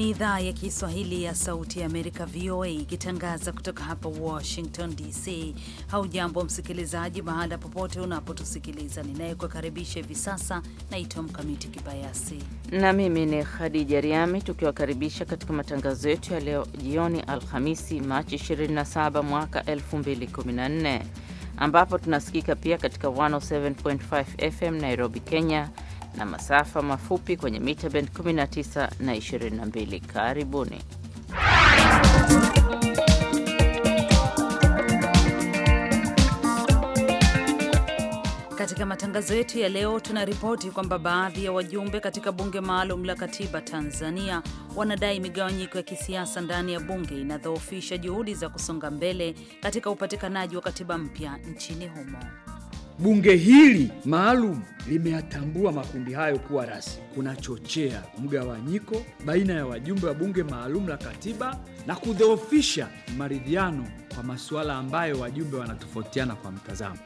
ni idhaa ya Kiswahili ya Sauti ya Amerika, VOA, ikitangaza kutoka hapa Washington DC. Haujambo msikilizaji, mahala popote unapotusikiliza. Ninayekukaribisha hivi sasa naitwa Mkamiti Kibayasi na mimi ni Khadija Riami, tukiwakaribisha katika matangazo yetu ya leo jioni, Alhamisi Machi 27 mwaka 2014, ambapo tunasikika pia katika 107.5 FM Nairobi, Kenya na masafa mafupi kwenye mita bend 19 na 22. Karibuni. Katika matangazo yetu ya leo tunaripoti kwamba baadhi ya wajumbe katika bunge maalum la katiba Tanzania wanadai migawanyiko ya kisiasa ndani ya bunge inadhoofisha juhudi za kusonga mbele katika upatikanaji wa katiba mpya nchini humo bunge hili maalum limeyatambua makundi hayo kuwa rasmi, kunachochea mgawanyiko baina ya wajumbe wa bunge maalum la katiba na kudhoofisha maridhiano kwa masuala ambayo wajumbe wanatofautiana kwa mtazamo.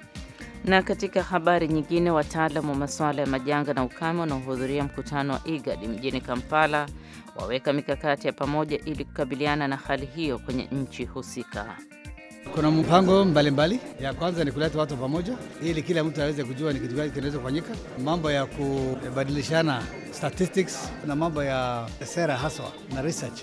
Na katika habari nyingine, wataalam wa masuala ya majanga na ukame wanaohudhuria mkutano wa IGAD mjini Kampala waweka mikakati ya pamoja ili kukabiliana na hali hiyo kwenye nchi husika. Kuna mpango mbalimbali mbali. Ya kwanza ni kuleta watu pamoja ili kila mtu aweze kujua ni kitu gani kinaweza kufanyika, mambo ya kubadilishana statistics na mambo ya sera haswa na research.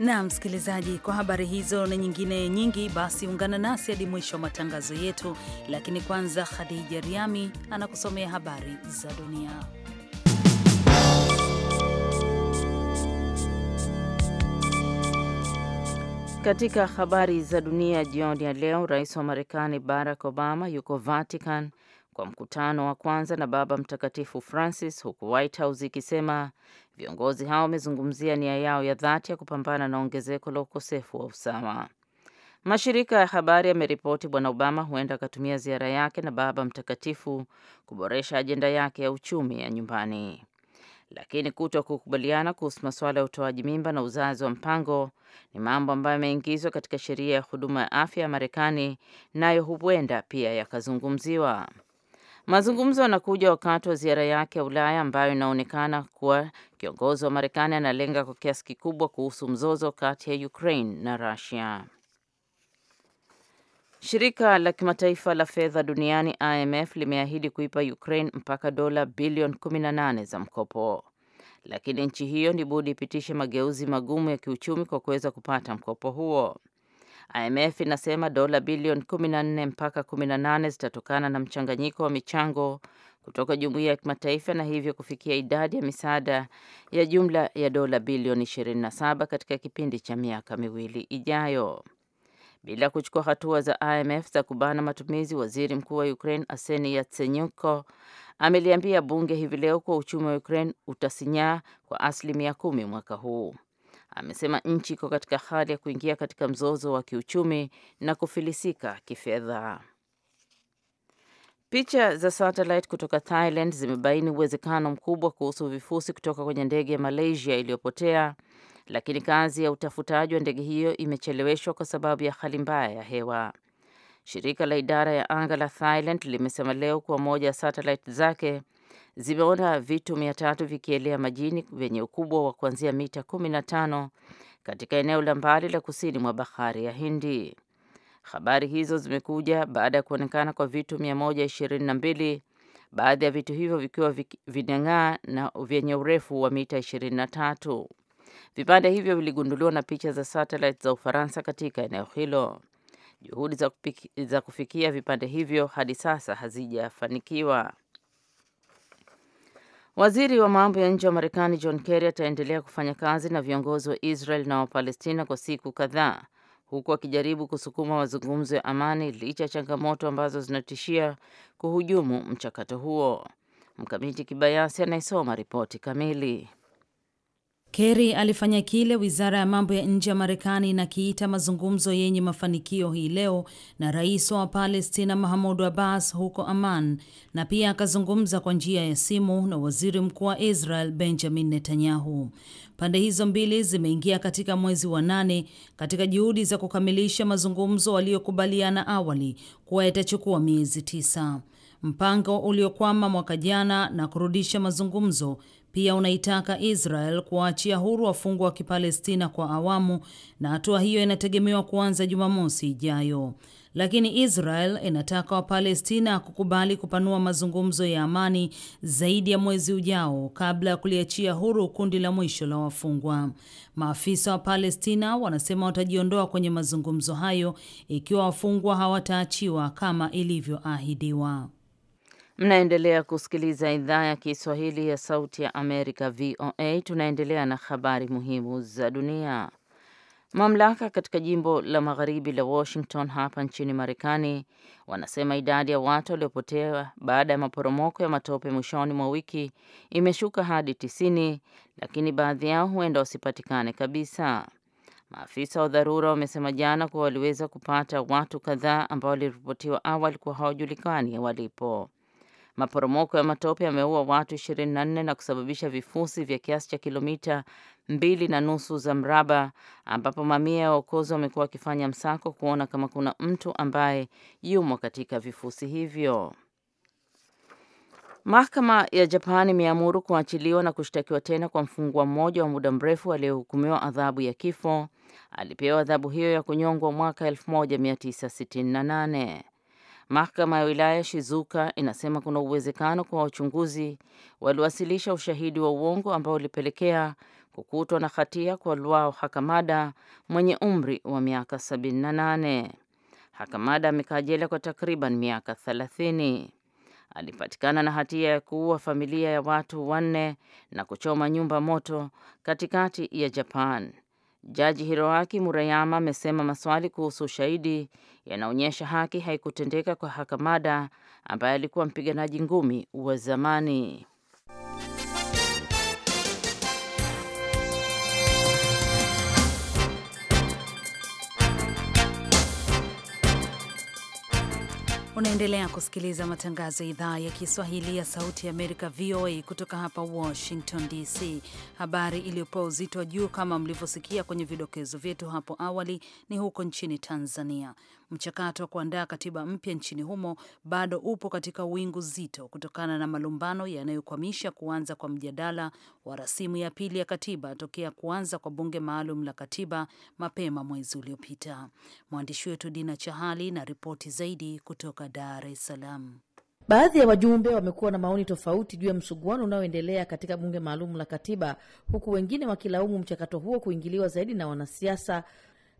Na msikilizaji, kwa habari hizo na nyingine nyingi, basi ungana nasi hadi mwisho wa matangazo yetu, lakini kwanza Khadija Riami anakusomea habari za dunia. Katika habari za dunia jioni ya leo, rais wa Marekani Barack Obama yuko Vatican kwa mkutano wa kwanza na Baba Mtakatifu Francis, huku White House ikisema viongozi hao wamezungumzia nia yao ya dhati ya kupambana na ongezeko la ukosefu wa usawa. Mashirika ya habari yameripoti bwana Obama huenda akatumia ziara yake na Baba Mtakatifu kuboresha ajenda yake ya uchumi ya nyumbani lakini kuto kukubaliana kuhusu masuala ya utoaji mimba na uzazi wa mpango ni mambo ambayo yameingizwa katika sheria ya huduma ya afya ya Marekani, nayo huenda pia yakazungumziwa. Mazungumzo yanakuja wakati wa ziara yake ya Ulaya ambayo inaonekana kuwa kiongozi wa Marekani analenga kwa kiasi kikubwa kuhusu mzozo kati ya Ukraine na Russia. Shirika la kimataifa la fedha duniani IMF limeahidi kuipa Ukraine mpaka dola bilioni 18 za mkopo, lakini nchi hiyo ni budi ipitishe mageuzi magumu ya kiuchumi kwa kuweza kupata mkopo huo. IMF inasema dola bilioni 14 mpaka 18 zitatokana na mchanganyiko wa michango kutoka jumuiya ya kimataifa na hivyo kufikia idadi ya misaada ya jumla ya dola bilioni 27 katika kipindi cha miaka miwili ijayo bila kuchukua hatua za IMF za kubana matumizi. Waziri mkuu wa Ukraine Arseniy Yatsenyuko ameliambia bunge hivi leo kuwa uchumi wa Ukraine utasinyaa kwa asilimia kumi mwaka huu. Amesema nchi iko katika hali ya kuingia katika mzozo wa kiuchumi na kufilisika kifedha. Picha za satellite kutoka Thailand zimebaini uwezekano mkubwa kuhusu vifusi kutoka kwenye ndege ya Malaysia iliyopotea lakini kazi ya utafutaji wa ndege hiyo imecheleweshwa kwa sababu ya hali mbaya ya hewa. Shirika la idara ya anga la Thailand limesema leo kuwa moja ya satellite zake zimeona vitu mia tatu vikielea majini vyenye ukubwa wa kuanzia mita 15 katika eneo la mbali la kusini mwa bahari ya Hindi. Habari hizo zimekuja baada ya kuonekana kwa vitu 122, baadhi ya vitu hivyo vikiwa vinang'aa na vyenye urefu wa mita 23. Vipande hivyo viligunduliwa na picha za satellite za Ufaransa katika eneo hilo. Juhudi za, za kufikia vipande hivyo hadi sasa hazijafanikiwa. Waziri wa mambo ya nje wa Marekani John Kerry ataendelea kufanya kazi na viongozi wa Israel na Wapalestina kwa siku kadhaa huku akijaribu kusukuma mazungumzo ya amani licha ya changamoto ambazo zinatishia kuhujumu mchakato huo. Mkamiti Kibayasi anaisoma ripoti kamili. Kerry alifanya kile wizara ya mambo ya nje ya Marekani inakiita mazungumzo yenye mafanikio hii leo na rais wa Palestina Mahmoud Abbas huko Amman, na pia akazungumza kwa njia ya simu na waziri mkuu wa Israel Benjamin Netanyahu. Pande hizo mbili zimeingia katika mwezi wa nane katika juhudi za kukamilisha mazungumzo waliyokubaliana awali kuwa yatachukua miezi tisa. Mpango uliokwama mwaka jana na kurudisha mazungumzo pia unaitaka Israel kuwaachia huru wafungwa wa Kipalestina kwa awamu, na hatua hiyo inategemewa kuanza Jumamosi ijayo. Lakini Israel inataka Wapalestina kukubali kupanua mazungumzo ya amani zaidi ya mwezi ujao kabla ya kuliachia huru kundi la mwisho la wafungwa. Maafisa wa Palestina wanasema watajiondoa kwenye mazungumzo hayo ikiwa wafungwa hawataachiwa kama ilivyoahidiwa. Mnaendelea kusikiliza idhaa ya Kiswahili ya Sauti ya Amerika, VOA. Tunaendelea na habari muhimu za dunia. Mamlaka katika jimbo la magharibi la Washington hapa nchini Marekani wanasema idadi ya watu waliopotea baada ya maporomoko ya matope mwishoni mwa wiki imeshuka hadi tisini, lakini baadhi yao huenda wasipatikane kabisa. Maafisa wa dharura wamesema jana kuwa waliweza kupata watu kadhaa ambao waliripotiwa awali kuwa hawajulikani walipo. Maporomoko ya matope yameua watu 24 na kusababisha vifusi vya kiasi cha kilomita mbili na nusu za mraba, ambapo mamia ya waokozi wamekuwa wakifanya msako kuona kama kuna mtu ambaye yumo katika vifusi hivyo. Mahakama ya Japani imeamuru kuachiliwa na kushtakiwa tena kwa mfungwa mmoja wa muda mrefu aliyehukumiwa adhabu ya kifo. Alipewa adhabu hiyo ya kunyongwa mwaka 1968. Mahakama ya wilaya Shizuka inasema kuna uwezekano kwa wachunguzi waliwasilisha ushahidi wa uongo ambao ulipelekea kukutwa na hatia kwa Lwao Hakamada mwenye umri wa miaka 78. Hakamada amekaa jela kwa takriban miaka 30. Alipatikana na hatia ya kuua familia ya watu wanne na kuchoma nyumba moto katikati ya Japan. Jaji Hiroaki Murayama amesema maswali kuhusu ushahidi yanaonyesha haki haikutendeka kwa Hakamada ambaye alikuwa mpiganaji ngumi wa zamani. Unaendelea kusikiliza matangazo ya idhaa ya Kiswahili ya Sauti ya Amerika, VOA, kutoka hapa Washington DC. Habari iliyopewa uzito wa juu kama mlivyosikia kwenye vidokezo vyetu hapo awali ni huko nchini Tanzania. Mchakato wa kuandaa katiba mpya nchini humo bado upo katika wingu zito kutokana na malumbano yanayokwamisha kuanza kwa mjadala wa rasimu ya pili ya katiba tokea kuanza kwa bunge maalum la katiba mapema mwezi uliopita. Mwandishi wetu Dina Chahali na ripoti zaidi kutoka Dar es Salaam. Baadhi ya wajumbe wamekuwa na maoni tofauti juu ya msuguano unaoendelea katika bunge maalum la katiba, huku wengine wakilaumu mchakato huo kuingiliwa zaidi na wanasiasa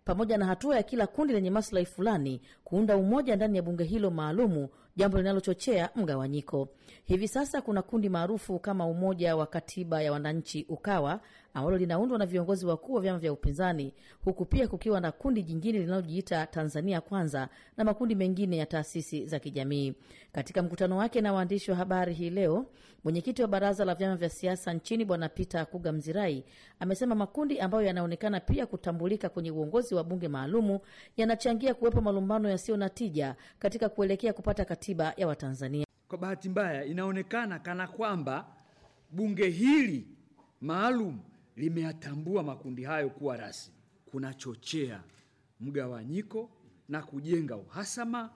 pamoja na hatua ya kila kundi lenye maslahi fulani kuunda umoja ndani ya bunge hilo maalumu, jambo linalochochea mgawanyiko. Hivi sasa kuna kundi maarufu kama Umoja wa Katiba ya Wananchi, UKAWA, ambalo linaundwa na viongozi wakuu wa vyama vya upinzani, huku pia kukiwa na kundi jingine linalojiita Tanzania Kwanza na makundi mengine ya taasisi za kijamii. Katika mkutano wake na waandishi wa habari hii leo, mwenyekiti wa baraza la vyama vya siasa nchini Bwana Peter Kuga Mzirai amesema makundi ambayo yanaonekana pia kutambulika kwenye uongozi wa bunge maalumu yanachangia kuwepo malumbano yasiyo na tija katika kuelekea kupata katiba ya Watanzania. Kwa bahati mbaya, inaonekana kana kwamba bunge hili maalum limeyatambua makundi hayo kuwa rasmi kunachochea mgawanyiko na kujenga uhasama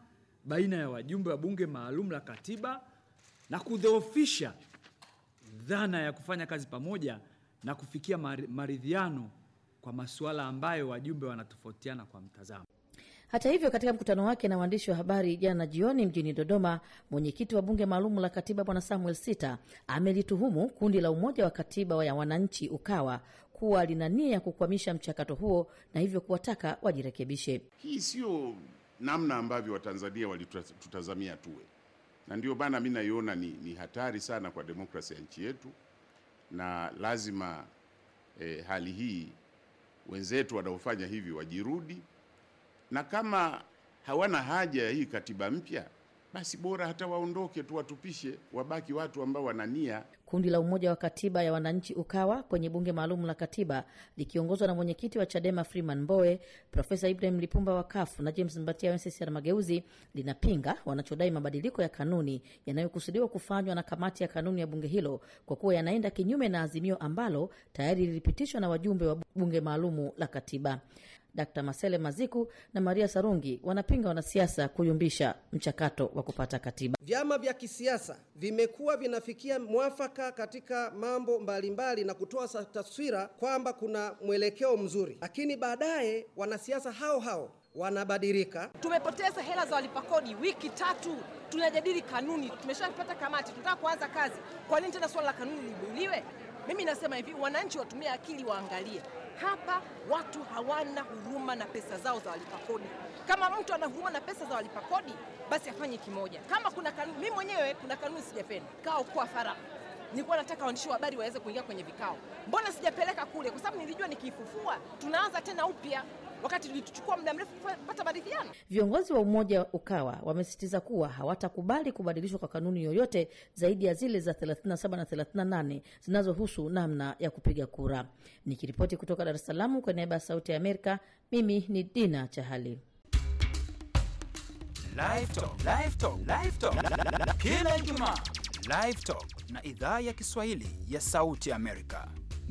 baina ya wajumbe wa Bunge Maalum la Katiba na kudhoofisha dhana ya kufanya kazi pamoja na kufikia maridhiano kwa masuala ambayo wajumbe wanatofautiana kwa mtazamo. Hata hivyo, katika mkutano wake na waandishi wa habari jana jioni mjini Dodoma, mwenyekiti wa bunge maalum la katiba Bwana Samuel Sita amelituhumu kundi la Umoja wa Katiba ya Wananchi Ukawa kuwa lina nia ya kukwamisha mchakato huo na hivyo kuwataka wajirekebishe. Hii sio namna ambavyo Watanzania walitutazamia tuwe, na ndiyo bana, mi naiona ni, ni hatari sana kwa demokrasia ya nchi yetu, na lazima eh, hali hii wenzetu wanaofanya hivi wajirudi na kama hawana haja ya hii katiba mpya basi bora hata waondoke tu, watupishe, wabaki watu ambao wanania Kundi la Umoja wa Katiba ya Wananchi Ukawa kwenye bunge maalum la katiba likiongozwa na mwenyekiti wa Chadema Freeman mboe Profesa Ibrahim Lipumba wa Kafu na James Mbatia wa NCCR Mageuzi linapinga wanachodai mabadiliko ya kanuni yanayokusudiwa kufanywa na kamati ya kanuni ya bunge hilo kwa kuwa yanaenda kinyume na azimio ambalo tayari lilipitishwa na wajumbe wa bunge maalumu la katiba d Masele Maziku na Maria Sarungi wanapinga wanasiasa kuyumbisha mchakato wa kupata katiba. Vyama vya kisiasa vimekuwa vinafikia mwafaka katika mambo mbalimbali mbali na kutoa taswira kwamba kuna mwelekeo mzuri, lakini baadaye wanasiasa hao hao wanabadilika. Tumepoteza hela za walipa kodi, wiki tatu tunajadili kanuni, tumeshapata kamati, tunataka kuanza kazi. Kwa nini tena swala la kanuni libuliwe? Mimi nasema hivi, wananchi watumie akili, waangalie hapa watu hawana huruma na pesa zao za walipa kodi. Kama mtu ana huruma na pesa za walipa kodi, basi afanye kimoja. Kama kuna kanuni, mimi mwenyewe kuna kanuni sijapenda, kaa okoa fara. Nilikuwa nataka waandishi wa habari waweze kuingia kwenye vikao, mbona sijapeleka kule? Kwa sababu nilijua nikiifufua tunaanza tena upya wakati tulituchukua muda mrefu kupata maridhiano. Viongozi wa umoja Ukawa wamesisitiza kuwa hawatakubali kubadilishwa kwa kanuni yoyote zaidi ya zile za 37 na 38 zinazohusu namna ya kupiga kura. Nikiripoti kutoka Dar es Salaam kwa niaba ya Sauti ya Amerika, mimi ni Dina Chahali. Kila Ijumaa Live Talk na idhaa ya Kiswahili ya Sauti Amerika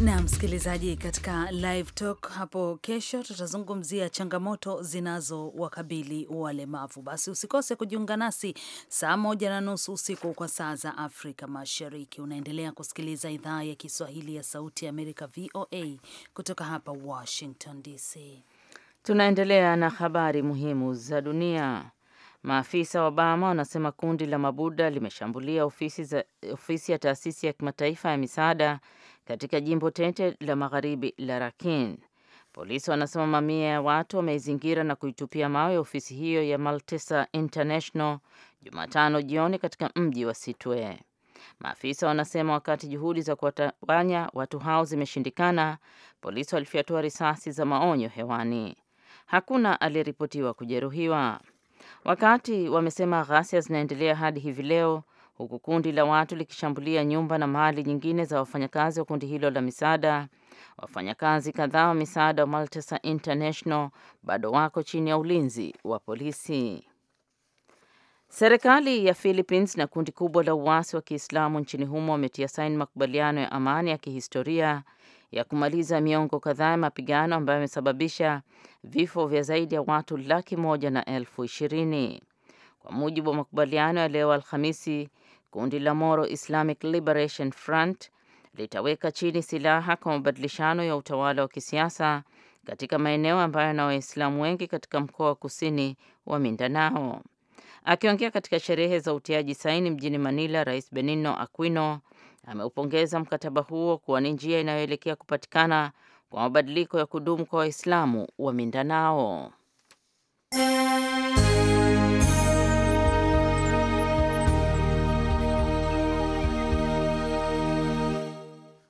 Na msikilizaji, katika live talk hapo kesho tutazungumzia changamoto zinazowakabili walemavu. Basi usikose kujiunga nasi saa moja na nusu usiku kwa saa za Afrika Mashariki. Unaendelea kusikiliza idhaa ya Kiswahili ya Sauti ya Amerika, VOA, kutoka hapa Washington DC. Tunaendelea na habari muhimu za dunia. Maafisa wa Obama wanasema kundi la Mabuda limeshambulia ofisi, za, ofisi ya taasisi ya kimataifa ya misaada katika jimbo tete la magharibi la Rakhine. Polisi wanasema mamia ya watu wameizingira na kuitupia mawe ya ofisi hiyo ya Maltesa International Jumatano jioni katika mji wa Sitwe. Maafisa wanasema wakati juhudi za kuwatawanya watu hao zimeshindikana, polisi walifyatua risasi za maonyo hewani. Hakuna aliyeripotiwa kujeruhiwa. Wakati wamesema ghasia zinaendelea hadi hivi leo, huku kundi la watu likishambulia nyumba na mali nyingine za wafanyakazi wa kundi hilo la misaada. Wafanyakazi kadhaa wa misaada wa Maltesa International bado wako chini ya ulinzi wa polisi. Serikali ya Philippines na kundi kubwa la uasi wa Kiislamu nchini humo wametia saini makubaliano ya amani ya kihistoria ya kumaliza miongo kadhaa ya mapigano ambayo yamesababisha vifo vya zaidi ya watu laki moja na elfu ishirini. Kwa mujibu wa makubaliano ya leo Alhamisi, kundi la Moro Islamic Liberation Front litaweka chini silaha kwa mabadilishano ya utawala wa kisiasa katika maeneo ambayo yana Waislamu wengi katika mkoa wa kusini wa Mindanao. Akiongea katika sherehe za utiaji saini mjini Manila, Rais Benigno Aquino ameupongeza mkataba huo kuwa ni njia inayoelekea kupatikana kwa mabadiliko ya kudumu kwa Waislamu wa Mindanao.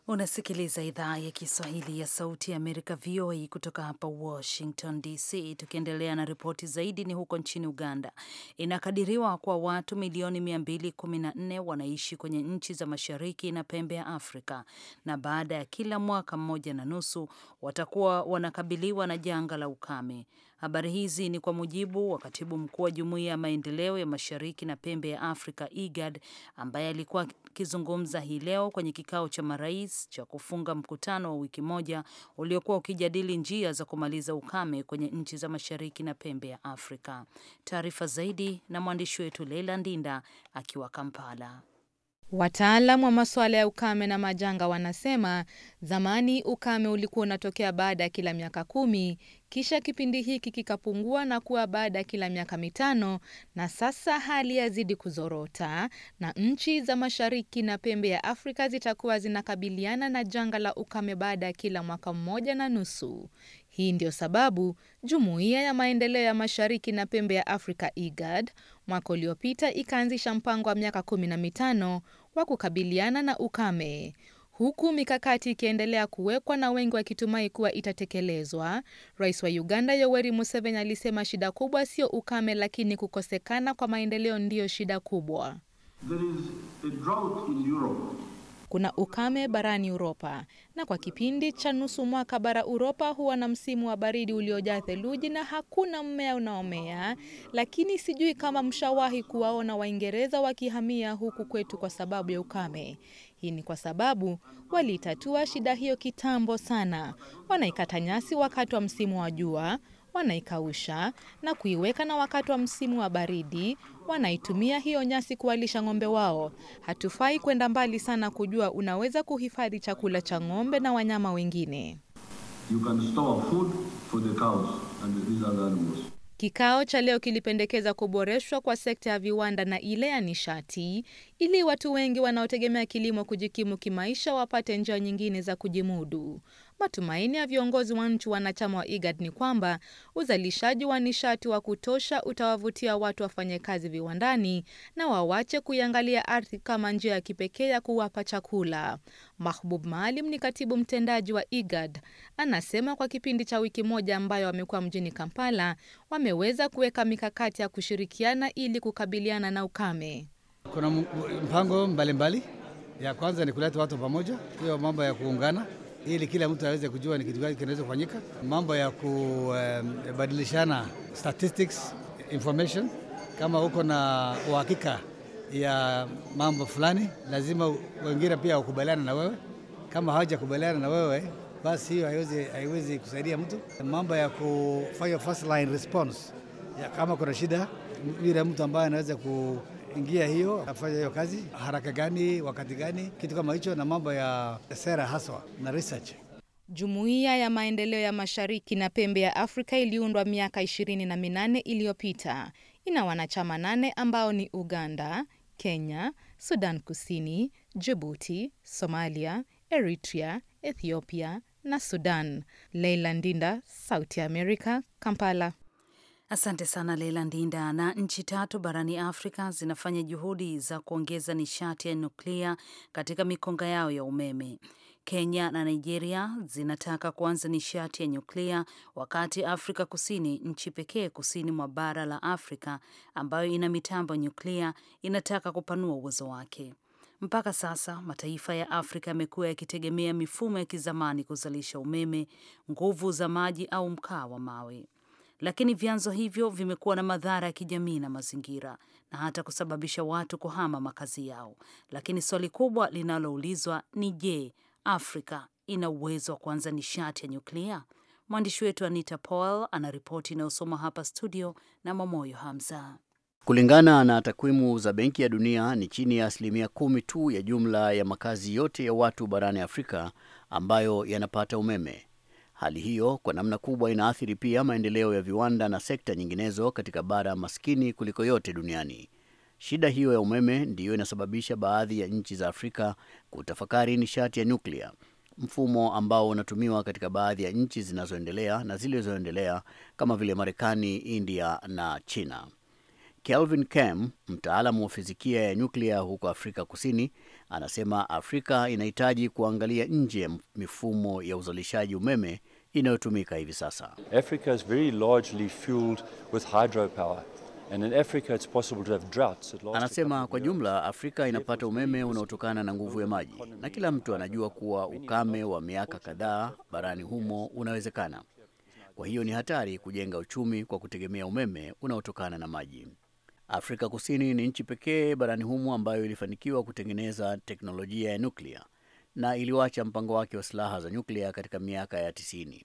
Unasikiliza idhaa ya Kiswahili ya Sauti ya Amerika, VOA, kutoka hapa Washington DC. Tukiendelea na ripoti zaidi, ni huko nchini Uganda. Inakadiriwa kwa watu milioni 214 wanaishi kwenye nchi za mashariki na pembe ya Afrika, na baada ya kila mwaka mmoja na nusu watakuwa wanakabiliwa na janga la ukame. Habari hizi ni kwa mujibu wa katibu mkuu wa Jumuiya ya Maendeleo ya Mashariki na Pembe ya Afrika, IGAD, ambaye alikuwa akizungumza hii leo kwenye kikao cha marais cha kufunga mkutano wa wiki moja uliokuwa ukijadili njia za kumaliza ukame kwenye nchi za mashariki na pembe ya Afrika. Taarifa zaidi na mwandishi wetu Leila Ndinda akiwa Kampala. Wataalam wa masuala ya ukame na majanga wanasema zamani ukame ulikuwa unatokea baada ya kila miaka kumi, kisha kipindi hiki kikapungua na kuwa baada ya kila miaka mitano, na sasa hali yazidi kuzorota na nchi za mashariki na pembe ya Afrika zitakuwa zinakabiliana na janga la ukame baada ya kila mwaka mmoja na nusu. Hii ndio sababu Jumuiya ya Maendeleo ya Mashariki na Pembe ya Afrika IGAD mwaka uliopita ikaanzisha mpango wa miaka kumi na mitano wa kukabiliana na ukame. Huku mikakati ikiendelea kuwekwa na wengi wakitumai kuwa itatekelezwa, Rais wa Uganda Yoweri Museveni alisema shida kubwa sio ukame, lakini kukosekana kwa maendeleo ndiyo shida kubwa. There is a drought in Europe kuna ukame barani Uropa, na kwa kipindi cha nusu mwaka bara Uropa huwa na msimu wa baridi uliojaa theluji na hakuna mmea unaomea. Lakini sijui kama mshawahi kuwaona Waingereza wakihamia huku kwetu kwa sababu ya ukame. Hii ni kwa sababu walitatua shida hiyo kitambo sana. Wanaikata nyasi wakati wa msimu wa jua wanaikausha na kuiweka, na wakati wa msimu wa baridi wanaitumia hiyo nyasi kuwalisha ng'ombe wao. Hatufai kwenda mbali sana kujua unaweza kuhifadhi chakula cha ng'ombe na wanyama wengine. You can store food for the cows and these other animals. Kikao cha leo kilipendekeza kuboreshwa kwa sekta ya viwanda na ile ya nishati ili watu wengi wanaotegemea kilimo kujikimu kimaisha wapate njia nyingine za kujimudu. Matumaini ya viongozi wa nchi wanachama wa IGAD ni kwamba uzalishaji wa nishati wa kutosha utawavutia watu wafanye kazi viwandani na wawache kuiangalia ardhi kama njia ya kipekee ya kuwapa chakula. Mahbub Maalim ni katibu mtendaji wa IGAD, anasema kwa kipindi cha wiki moja ambayo wamekuwa mjini Kampala, wameweza kuweka mikakati ya kushirikiana ili kukabiliana na ukame. Kuna mpango mbalimbali mbali. Ya kwanza ni kuleta watu pamoja, hiyo mambo ya kuungana ili kila mtu aweze kujua ni kitu gani kinaweza kufanyika. Mambo ya kubadilishana um, statistics information, kama uko na uhakika ya mambo fulani, lazima wengine pia wakubaliane na wewe. Kama hawajakubaliana na wewe, basi hiyo haiwezi, haiwezi kusaidia mtu. Mambo ya kufanya first line response ya kama kuna shida, yule mtu ambaye anaweza ku ingia hiyo, afanya hiyo kazi haraka gani, wakati gani, kitu kama hicho, na mambo ya sera haswa na research. Jumuiya ya maendeleo ya mashariki na pembe ya Afrika iliundwa miaka ishirini na minane iliyopita. Ina wanachama nane ambao ni Uganda, Kenya, Sudan Kusini, Jibuti, Somalia, Eritrea, Ethiopia na Sudan. Leila Ndinda, Sauti ya Amerika, Kampala. Asante sana Leila Ndinda. Na nchi tatu barani Afrika zinafanya juhudi za kuongeza nishati ya nuklia katika mikonga yao ya umeme. Kenya na Nigeria zinataka kuanza nishati ya nyuklia, wakati Afrika Kusini, nchi pekee kusini mwa bara la Afrika ambayo ina mitambo ya nyuklia, inataka kupanua uwezo wake. Mpaka sasa mataifa ya Afrika yamekuwa yakitegemea mifumo ya kizamani kuzalisha umeme, nguvu za maji au mkaa wa mawe lakini vyanzo hivyo vimekuwa na madhara ya kijamii na mazingira na hata kusababisha watu kuhama makazi yao. Lakini swali kubwa linaloulizwa ni je, Afrika ina uwezo wa kuanza nishati ya nyuklia? Mwandishi wetu Anita Powell ripoti inayosoma hapa studio na Mamoyo Hamza. Kulingana na takwimu za Benki ya Dunia, ni chini ya asilimia kumi tu ya jumla ya makazi yote ya watu barani Afrika ambayo yanapata umeme. Hali hiyo kwa namna kubwa inaathiri pia maendeleo ya viwanda na sekta nyinginezo katika bara maskini kuliko yote duniani. Shida hiyo ya umeme ndiyo inasababisha baadhi ya nchi za Afrika kutafakari nishati ya nyuklia, mfumo ambao unatumiwa katika baadhi ya nchi zinazoendelea na zilizoendelea kama vile Marekani, India na China. Kelvin Kem, mtaalamu wa fizikia ya nyuklia huko Afrika Kusini, Anasema Afrika inahitaji kuangalia nje ya mifumo ya uzalishaji umeme inayotumika hivi sasa. Africa is very largely fueled with hydropower. And in Africa it's possible to have droughts. Anasema kwa jumla Afrika inapata umeme unaotokana na nguvu ya maji, na kila mtu anajua kuwa ukame wa miaka kadhaa barani humo unawezekana. Kwa hiyo ni hatari kujenga uchumi kwa kutegemea umeme unaotokana na maji. Afrika Kusini ni nchi pekee barani humo ambayo ilifanikiwa kutengeneza teknolojia ya nyuklia na iliwacha mpango wake wa silaha za nyuklia katika miaka ya 90.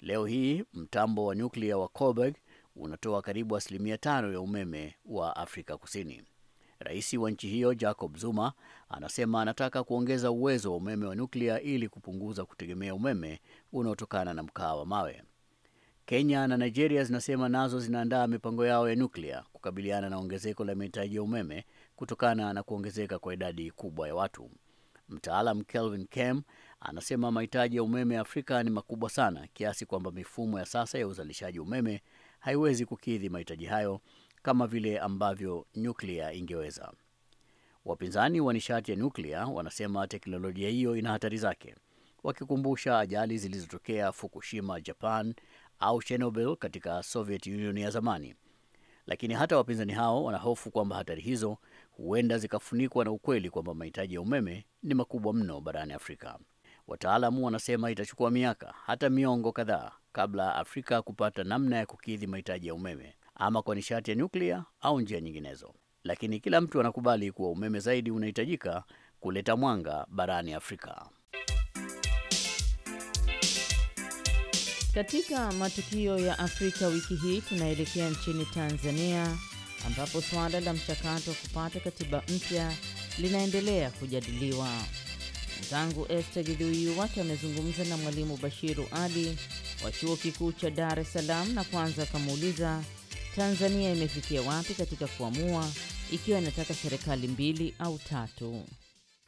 Leo hii mtambo wa nyuklia wa Coburg unatoa karibu asilimia tano ya umeme wa Afrika Kusini. Rais wa nchi hiyo Jacob Zuma anasema anataka kuongeza uwezo wa umeme wa nyuklia ili kupunguza kutegemea umeme unaotokana na mkaa wa mawe. Kenya na Nigeria zinasema nazo zinaandaa mipango yao ya nyuklia kukabiliana na ongezeko la mahitaji ya umeme kutokana na kuongezeka kwa idadi kubwa ya watu. Mtaalam Kelvin Kem anasema mahitaji ya umeme Afrika ni makubwa sana kiasi kwamba mifumo ya sasa ya uzalishaji umeme haiwezi kukidhi mahitaji hayo kama vile ambavyo nyuklia ingeweza. Wapinzani wa nishati ya nyuklia wanasema teknolojia hiyo ina hatari zake, wakikumbusha ajali zilizotokea Fukushima, Japan, au Chernobyl katika Soviet Union ya zamani. Lakini hata wapinzani hao wanahofu kwamba hatari hizo huenda zikafunikwa na ukweli kwamba mahitaji ya umeme ni makubwa mno barani Afrika. Wataalamu wanasema itachukua miaka hata miongo kadhaa kabla Afrika kupata namna ya kukidhi mahitaji ya umeme, ama kwa nishati ya nyuklia au njia nyinginezo. Lakini kila mtu anakubali kuwa umeme zaidi unahitajika kuleta mwanga barani Afrika. Katika matukio ya Afrika wiki hii tunaelekea nchini Tanzania ambapo suala la mchakato wa kupata katiba mpya linaendelea kujadiliwa. Mwenzangu Esther Gidhuiwat amezungumza na Mwalimu Bashiru Ali wa Chuo Kikuu cha Dar es Salaam na kwanza akamuuliza Tanzania imefikia wapi katika kuamua ikiwa inataka serikali mbili au tatu.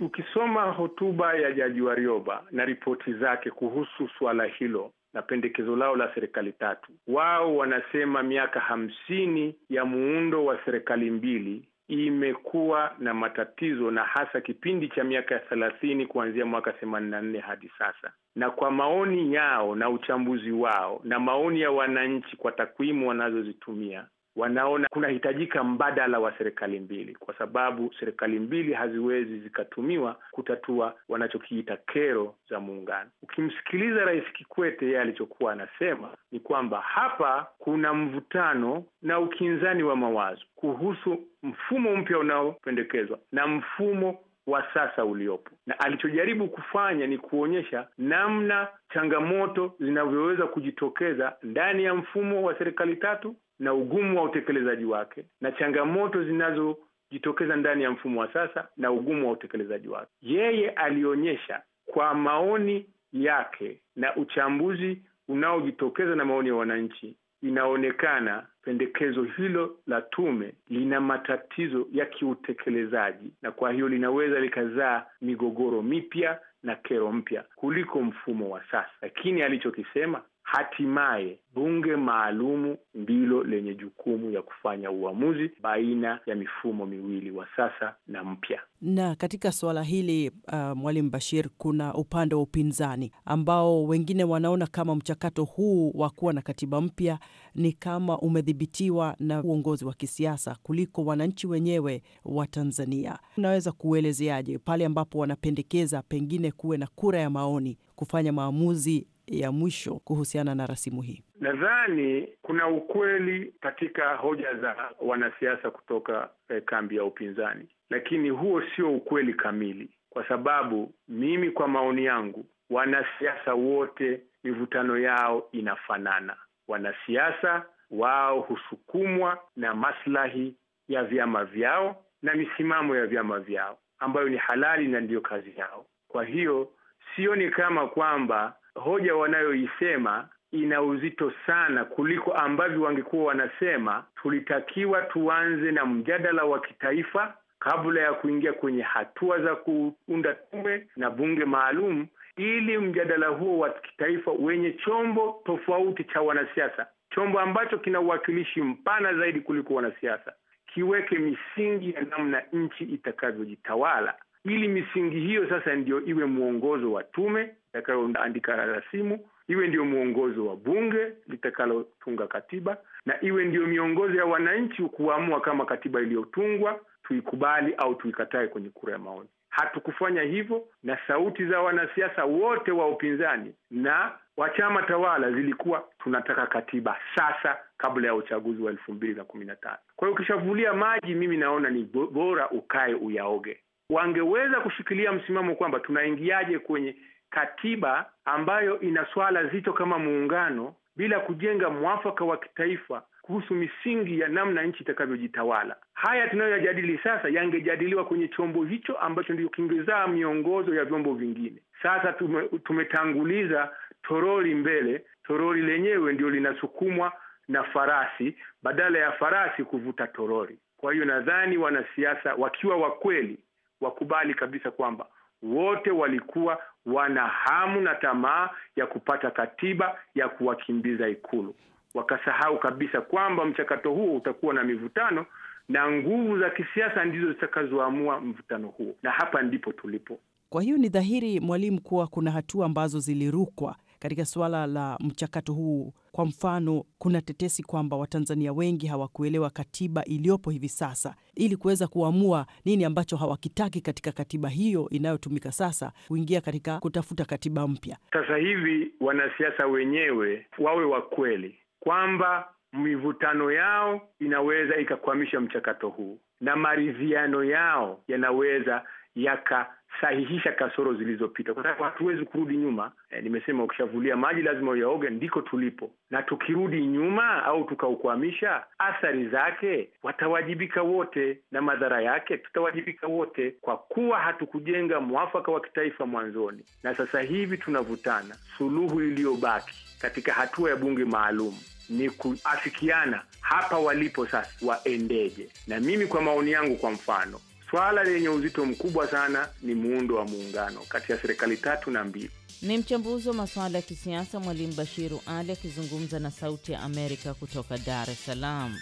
Ukisoma hotuba ya Jaji Warioba na ripoti zake kuhusu suala hilo na pendekezo lao la serikali tatu. Wao wanasema miaka hamsini ya muundo wa serikali mbili imekuwa na matatizo na hasa kipindi cha miaka ya thelathini kuanzia mwaka themanini na nne hadi sasa. Na kwa maoni yao na uchambuzi wao na maoni ya wananchi, kwa takwimu wanazozitumia, wanaona kunahitajika mbadala wa serikali mbili, kwa sababu serikali mbili haziwezi zikatumiwa kutatua wanachokiita kero za muungano. Ukimsikiliza Rais Kikwete, yeye alichokuwa anasema ni kwamba hapa kuna mvutano na ukinzani wa mawazo kuhusu mfumo mpya unaopendekezwa na mfumo wa sasa uliopo, na alichojaribu kufanya ni kuonyesha namna changamoto zinavyoweza kujitokeza ndani ya mfumo wa serikali tatu na ugumu wa utekelezaji wake na changamoto zinazojitokeza ndani ya mfumo wa sasa na ugumu wa utekelezaji wake. Yeye alionyesha kwa maoni yake na uchambuzi unaojitokeza na maoni ya wananchi, inaonekana pendekezo hilo la tume lina matatizo ya kiutekelezaji, na kwa hiyo linaweza likazaa migogoro mipya na kero mpya kuliko mfumo wa sasa. Lakini alichokisema Hatimaye bunge maalumu ndilo lenye jukumu ya kufanya uamuzi baina ya mifumo miwili wa sasa na mpya. Na katika suala hili uh, Mwalimu Bashir, kuna upande wa upinzani ambao wengine wanaona kama mchakato huu wa kuwa na katiba mpya ni kama umedhibitiwa na uongozi wa kisiasa kuliko wananchi wenyewe wa Tanzania. Unaweza kuelezeaje pale ambapo wanapendekeza pengine kuwe na kura ya maoni kufanya maamuzi ya mwisho kuhusiana na rasimu hii? Nadhani kuna ukweli katika hoja za wanasiasa kutoka eh, kambi ya upinzani, lakini huo sio ukweli kamili, kwa sababu mimi, kwa maoni yangu, wanasiasa wote mivutano yao inafanana. Wanasiasa wao husukumwa na maslahi ya vyama vyao na misimamo ya vyama vyao ambayo ni halali na ndiyo kazi yao. Kwa hiyo sioni kama kwamba hoja wanayoisema ina uzito sana kuliko ambavyo wangekuwa wanasema. Tulitakiwa tuanze na mjadala wa kitaifa kabla ya kuingia kwenye hatua za kuunda tume na bunge maalum, ili mjadala huo wa kitaifa wenye chombo tofauti cha wanasiasa, chombo ambacho kina uwakilishi mpana zaidi kuliko wanasiasa, kiweke misingi ya namna nchi itakavyojitawala, ili misingi hiyo sasa ndiyo iwe mwongozo wa tume itakayoandika rasimu iwe ndiyo mwongozo wa bunge litakalotunga katiba na iwe ndiyo miongozo ya wananchi kuamua kama katiba iliyotungwa tuikubali au tuikatae kwenye kura ya maoni. Hatukufanya hivyo, na sauti za wanasiasa wote wa upinzani na wa chama tawala zilikuwa tunataka katiba sasa, kabla ya uchaguzi wa elfu mbili na kumi na tano. Kwa hiyo ukishavulia maji, mimi naona ni bora ukae uyaoge. Wangeweza kushikilia msimamo kwamba tunaingiaje kwenye katiba ambayo ina swala zito kama muungano bila kujenga mwafaka wa kitaifa kuhusu misingi ya namna nchi itakavyojitawala. Haya tunayoyajadili sasa yangejadiliwa kwenye chombo hicho ambacho ndio kingezaa miongozo ya vyombo vingine. Sasa tume, tumetanguliza toroli mbele. Toroli lenyewe ndio linasukumwa na farasi badala ya farasi kuvuta toroli. Kwa hiyo nadhani wanasiasa wakiwa wakweli wakubali kabisa kwamba wote walikuwa wana hamu na tamaa ya kupata katiba ya kuwakimbiza Ikulu. Wakasahau kabisa kwamba mchakato huo utakuwa na mivutano na nguvu za kisiasa ndizo zitakazoamua mvutano huo, na hapa ndipo tulipo. Kwa hiyo ni dhahiri, Mwalimu, kuwa kuna hatua ambazo zilirukwa katika suala la mchakato huu. Kwa mfano, kuna tetesi kwamba Watanzania wengi hawakuelewa katiba iliyopo hivi sasa. Ili kuweza kuamua nini ambacho hawakitaki katika katiba hiyo inayotumika sasa, kuingia katika kutafuta katiba mpya. Sasa hivi wanasiasa wenyewe wawe wa kweli kwamba mivutano yao inaweza ikakwamisha mchakato huu na maridhiano yao yanaweza yaka sahihisha kasoro zilizopita, kwa sababu hatuwezi kurudi nyuma. E, nimesema ukishavulia maji lazima uyaoge. Ndiko tulipo, na tukirudi nyuma au tukaukwamisha, athari zake watawajibika wote, na madhara yake tutawajibika wote, kwa kuwa hatukujenga mwafaka wa kitaifa mwanzoni, na sasa hivi tunavutana. Suluhu iliyobaki katika hatua ya bunge maalum ni kuafikiana hapa walipo sasa waendeje, na mimi kwa maoni yangu, kwa mfano Swala lenye uzito mkubwa sana ni muundo wa muungano kati ya serikali tatu na mbili. Ni mchambuzi wa masuala ya kisiasa Mwalimu Bashiru Ali akizungumza na Sauti ya Amerika kutoka Dar es Salaam.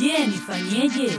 Je, nifanyeje?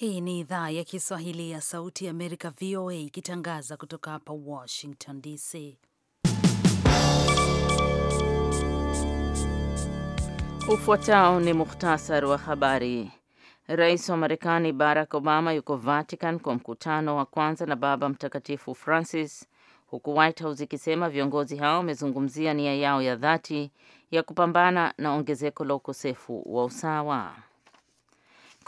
Hii ni idhaa ya Kiswahili ya Sauti ya Amerika, VOA, ikitangaza kutoka hapa Washington DC. Ufuatao ni muhtasari wa habari. Rais wa Marekani Barack Obama yuko Vatican kwa mkutano wa kwanza na Baba Mtakatifu Francis, huku White House ikisema viongozi hao wamezungumzia nia yao ya dhati ya kupambana na ongezeko la ukosefu wa usawa.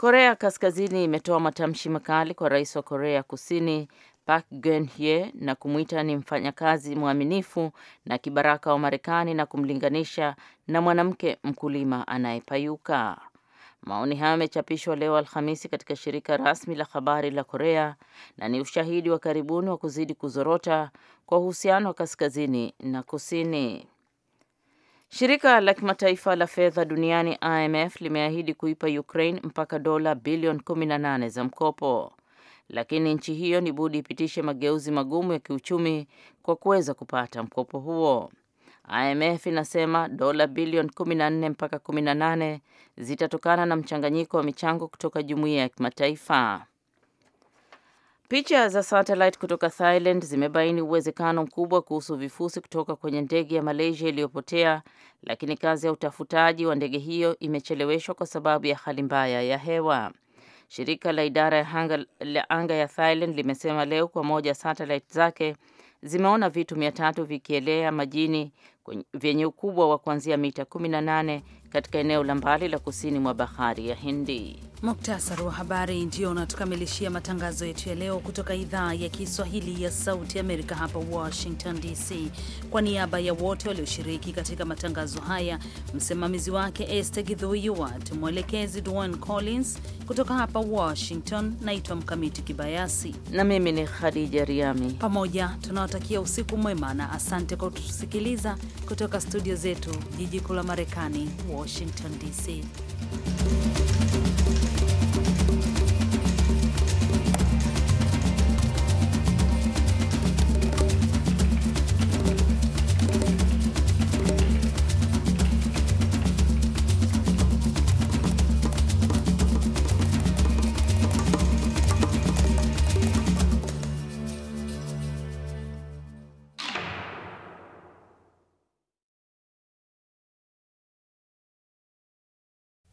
Korea Kaskazini imetoa matamshi makali kwa rais wa Korea Kusini Park Geun-hye na kumwita ni mfanyakazi mwaminifu na kibaraka wa Marekani na kumlinganisha na mwanamke mkulima anayepayuka. Maoni hayo yamechapishwa leo Alhamisi katika shirika rasmi la habari la Korea na ni ushahidi wa karibuni wa kuzidi kuzorota kwa uhusiano wa kaskazini na kusini. Shirika la kimataifa la fedha duniani IMF limeahidi kuipa Ukraine mpaka dola bilioni 18 za mkopo, lakini nchi hiyo ni budi ipitishe mageuzi magumu ya kiuchumi kwa kuweza kupata mkopo huo. IMF inasema dola bilioni 14 mpaka 18 zitatokana na mchanganyiko wa michango kutoka jumuiya ya kimataifa. Picha za satellite kutoka Thailand zimebaini uwezekano mkubwa kuhusu vifusi kutoka kwenye ndege ya Malaysia iliyopotea, lakini kazi ya utafutaji wa ndege hiyo imecheleweshwa kwa sababu ya hali mbaya ya hewa. Shirika la idara ya anga ya Thailand limesema leo kwa moja satellite zake zimeona vitu mia tatu vikielea majini vyenye ukubwa wa kuanzia mita 18 katika eneo la mbali la kusini mwa bahari ya Hindi. Muktasari wa habari ndio unatukamilishia matangazo yetu ya leo kutoka idhaa ya Kiswahili ya Sauti Amerika hapa Washington DC. Kwa niaba ya wote walioshiriki katika matangazo haya, msimamizi wake Este Gidhuiwat, mwelekezi Dwan Collins kutoka hapa Washington, naitwa Mkamiti Kibayasi na mimi ni Khadija Riami. Pamoja tunawatakia usiku mwema na asante kwa kutusikiliza kutoka studio zetu jiji kuu la Marekani, wa Washington, D.C.